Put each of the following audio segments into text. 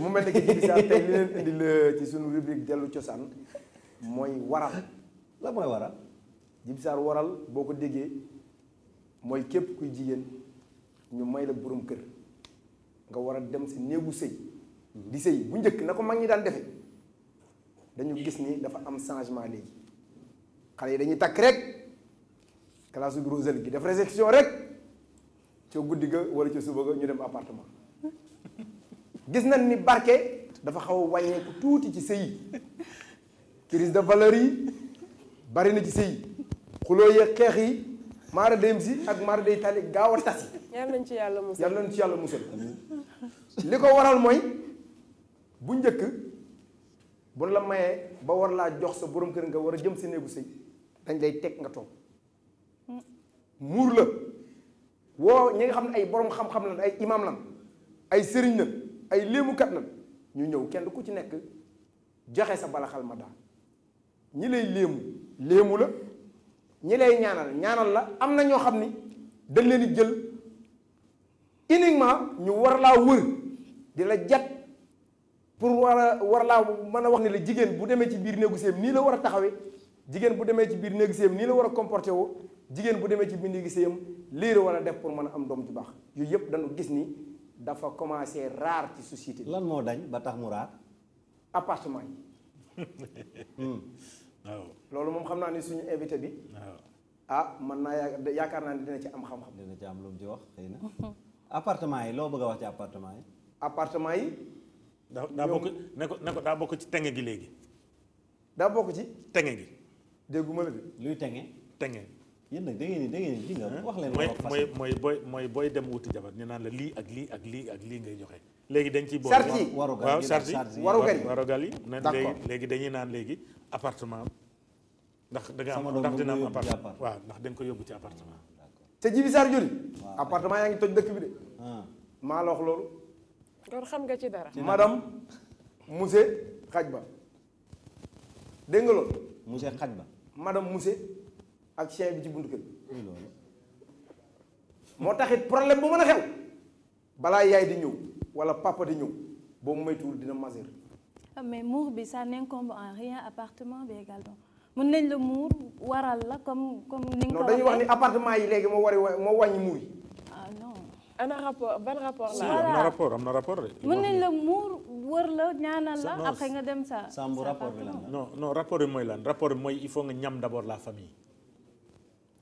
mu mel ne que Djiby Sarr tey li leen indil ci suñu rubrique dellu cosaan mooy waral la mooy waral Djiby waral boo ko déggee mooy képp kuy jigéen ñu may la borom kër nga war a dem si néegu sëy di sëy bu njëkk na ko mag ñi daan defe dañu gis ni dafa am changement léegi xale yi dañuy takk rek classe groselle gi def réception rek ca guddi ga wala ca suba ga ñu dem apartement gis nañ ni barke dafa xaw a wàññeeku tuuti ci sëy crise de valeur yi bari na ci sëy xuloo yeeg xeex yi maara dem si ak maara day gaaw a tas yi yàlla ci yàlla musal yàlla nañ ci yàlla musal li ko waral mooy bu njëkk bu la mayee ba war laa jox sa borom kër nga war a jëm si néegu sëy dañ lay teg nga toog muur la woo ñi nga xam ne ay borom xam-xam lan ay imam lan ay sëriñ la ay léemukat la ñu ñëw kenn ku ci nekk joxe sa balaxal ma daa ñi lay léemu léemu la ñi lay ñaanal ñaanal la am na ñoo xam ni dañ leen di jël uniquement ñu war laa wër di la jat pour war a war laa mën a wax ne la jigéen bu demee ci biir néegu séem nii la war a taxawee jigéen bu demee ci biir néegu séem nii la war a comporté woo jigéen bu demee ci biir néegu séem lii la war a def pour mën a am doom ju baax yooyu yëpp dañu gis nii dafa commencé rare ci société lan mo dañ ba tax mu rare appartement yi. Hmm. waaw lolu mom xamna ni suñu invité bi. waaw ah man na yaakar na dina ci am xam-xam. dina ci am lu mu ci wax xeyna na. Mhm. appartement yi lo bëgg wax ci appartement yi. appartement yi. da da bokk ne ko ne ko bokk ci tenge gi légui da bokk ci. tenge gi. dégguma la luy tenge. tenge. yéen nag da ngeen yi ngeen wax leen. mooy mooy booy mooy booy dem wuti jabar ñu naan la lii ak lii ak lii ak lii ngay joxe. léegi dañ ciy boole waaw charge yi warugar yi léegi léegi dañuy naan léegi appartement ndax da nga am ndax dina am appartement waa ndax dañ ko yóbbu ci appartement. te Djibi Sarr Diori. appartement yaa ngi toj dëkk bi de. Ah. maa xam nga ci dara. madame monsieur Xajba dégg nga loolu. xaj Xajba madame monsieur. ak chien bi ci buntu kër moo taxit problème bu mën a xew balaa yaay di ñëw wala papa di ñëw boobu moytuwul dina majeur. Ah, mais muur bi ça n'incombe en rien appartement bi également mën nañ la muur waral la comme comme. ni nga ko dañuy wax ni appartement yi léegi moo wari moo wàññi muur yi. ah non. ana rapport ban rapport la. am na rapport am na rapport de. mën nañ la muur wër la ñaanal la. après nga dem sa. sa rapport bi lan non non rapport moy lan rapport moy il faut nga ñam d'abord la famille.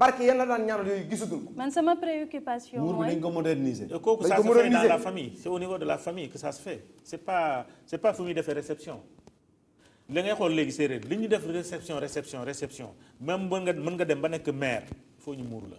barke yalla daan ñaanal yooyu gisatul ko. man sama préoccupation mooy muur bi ko moderniser. dañ ko ça se fait dans la famille c'est au niveau de la famille que ça se fait c'est pas c'est pas fu de faire réception. li ngay xool léegi séeréer li ñu def réception réception réception même bon, nga mën nga dem ba nek mère, faut ñu muur la.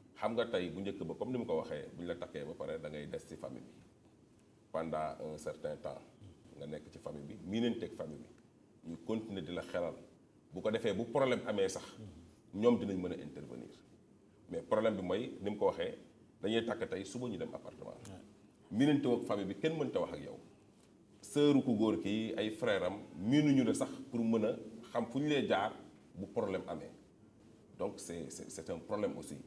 xam nga tey bu njëkk ba comme ni mu ko waxee bu ñu la takkee ba pare dangay des ci famille bi pendant un certain temps nga nekk ci famille bi miinanteeg famille bi ñu continuer di la xelal bu ko defee bu problème amee sax ñoom dinañ mën a intervenir mais problème bi mooy ni mu ko waxee dañuy takk tey suba ñu dem appartement miinante ak famille bi kenn mënta wax ak yow sëru ku góor kii ay frère am ñu la sax pour mën a xam fu ñu lay jaar bu problème amee donc c'est c'est un problème aussi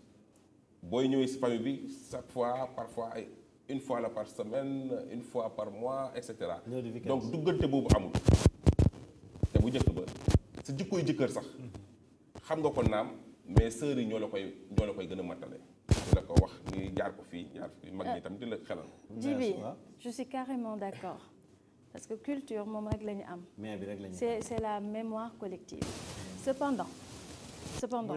booy ñëwee si famille bi chaque fois parfois ay une fois la par semaine une fois par mois et cetera. donc duggante boobu amul. te bu njëkk ba sa jikkooy jëkkër sax. xam nga ko naam mais sœurs yi ñoo la koy ñoo la koy gën a matale. la ko wax ñu jaar ko fii jaar ko fii mag ñi tam di la xelal. Djiby euh, je suis carrément d'accord parce que culture moom rek la mais bi rek la am c'est c'est la mémoire collective. cependant cependant.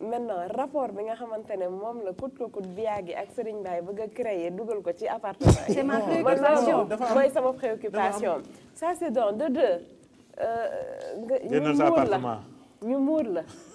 maintenant rapport bi nga xamante ne moom la kut ko kut biyaa gi ak Serigne Mbaye bëgg a créer dugal ko ci appartement c'est ma préoccupation mooy sama préoccupation ça c'est donc de de euh, nga ñu muur la ñu muur la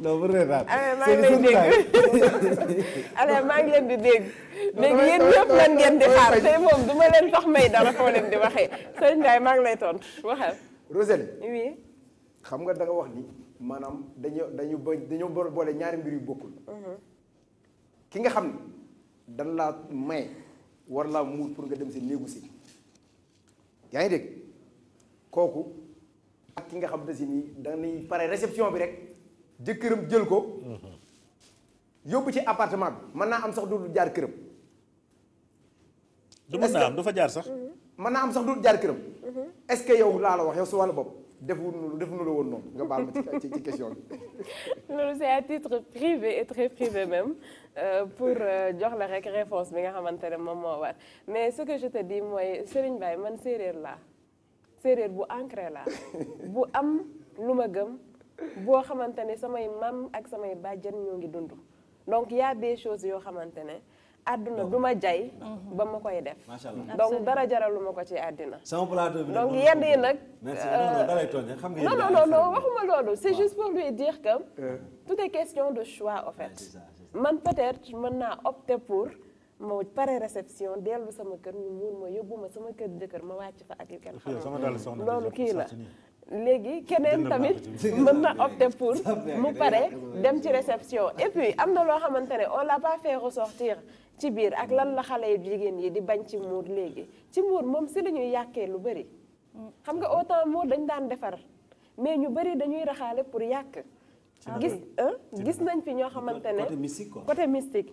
non bu rëy ah, daal. maa ngi leen di dégg alors maa ngi leen di dégg. lan ngeen di xaar tey moom du leen sax may dara foo leen di waxee sëñ Ndiaye maa ngi lay tontu waxal. Roselle. oui. xam nga da wax ni maanaam dañu dañu dañoo boole ñaari mbir yu bokkul. Mhm. ki nga xam ne dan laa may war laa muur pour nga dem si néegu si yaa ngi dégg kooku ak ki nga xam ne si nii dañuy pare réception bi rek. Je jël ko ci appartement am sax jaar du am du fa jaar sax. am est-ce que yow la wax yow c'est à titre privé et très privé même euh, pour euh, jox la rek réponse bi nga ne mais ce que je te dis c'est Serigne Baye man séeréer bu ancré bu am bo xamantene samay mam ak samay bàjjen ñoo ngi dund donc y a des choses yo xamantene aduna duma du jay mhm. ba ma koy def donc dara jaralu ma ko ci àddina sama plateau bi donc yenn yi merci non non euh, non non waxuma lolu c'est juste pour lui dire que euh. tout est question de choix en fait man peut-être mën naa opter pour ma pare réception dellu sama kër ñu muur ma yóbbu sama kër jëkkër ma wàcc fa ak yu kenn xam loolu kii la léegi keneen tamit mën na opter pour mu pare dem ci réception et puis am na loo xamante ne on l'a pas fait ressortir ci biir ak lan la xale yu jigéen yi di bañ ci muur léegi ci muur moom si lañuy ñuy yàqee lu bëri xam nga autant muur dañ daan defar mais ñu bëri dañuy raxaale pour yàq gis gis nañ fi ñoo xamante ne côté mystique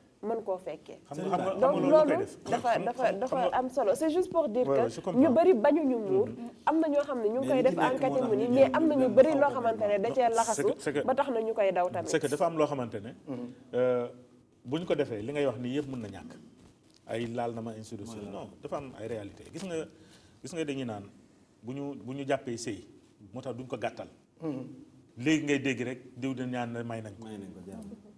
man koo fekkee. donc loolu dafa dafa dafa am solo c'est juste pour dire que ñu bëri bañu ñu muur mm-hmm. am na ñoo xam ne ñu ngi koy def en catimini mais am na ñu bëri loo xamante ne da cee laxasu ba dafa am loo xamante ne mm-hmm. euh, bu ñu ko defee li ngay wax nii yëpp mun na ñàkk ay laal na ma institution dafa am ay réalité gis nga gis nga dañuy naan bu ñu bu ñu jàppee sëy moo tax duñ ko gàttal mm-hmm. léegi ngay déggi rek diw de ñaan may nañ ko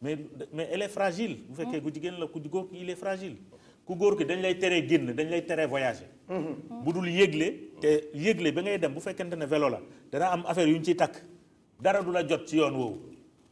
mais mais elle est fragile bu fekkee hein? ku jigéen la ku góor ki il est fragile ku góor ki dañ lay téré guen dañ lay téré voyager mhm. bu dul yëgle te yëgle ba ngay dem bu fekkente ne vélo la dara am affaire yu ci tak dara du la jot ci yoon woowu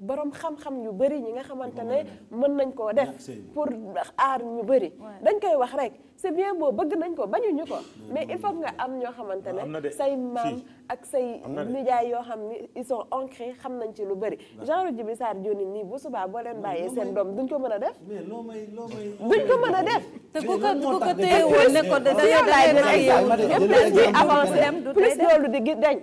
borom xam-xam yu bëri ñi nga xamante ne mën nañ koo def pour aar ñu bëri dañ koy wax rek c'est bien boo bëgg nañ ko bañuñu ko mm. mais il faut nga am ñoo xamante ne say maam ak say nijaay yoo xam ni ils sont xam nañ ci lu bëri genre Djiby Sarr Dioni nii bu subaa boo leen bàyyee seen doom duñ ko mën a def duñ ko mën a def te ku ko ku ko téye woon ko da nga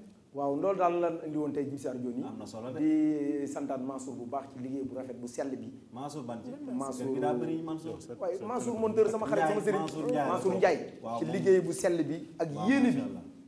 waaw loolu daal lan indi woon tey jii si am na solo de di santaat Mansour bu baax ci liggéey bu rafet bu sell bi. Mansour ban ci Mansour bi daa waaye Mansour monteur sama xarit sama sëriñ Mansour Ndiaye ci liggéey bu sell bi ak yéene bi.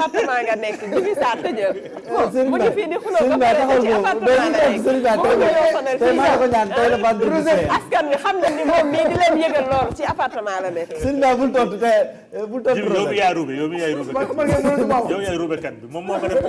appartement nga nekk Djibi Sarr tëjal. mu ngi fii di xuloo ba pare ci appartement la nekk mu ngi ñëw sonal fii sax askan wi xam na ni moom mii di leen yëgal loolu ci appartement la nekk. sëriñ Ba bul tontu te bul tontu. yow mi yaay ruube yow mi yaay ruube kat bi moom moo ko def.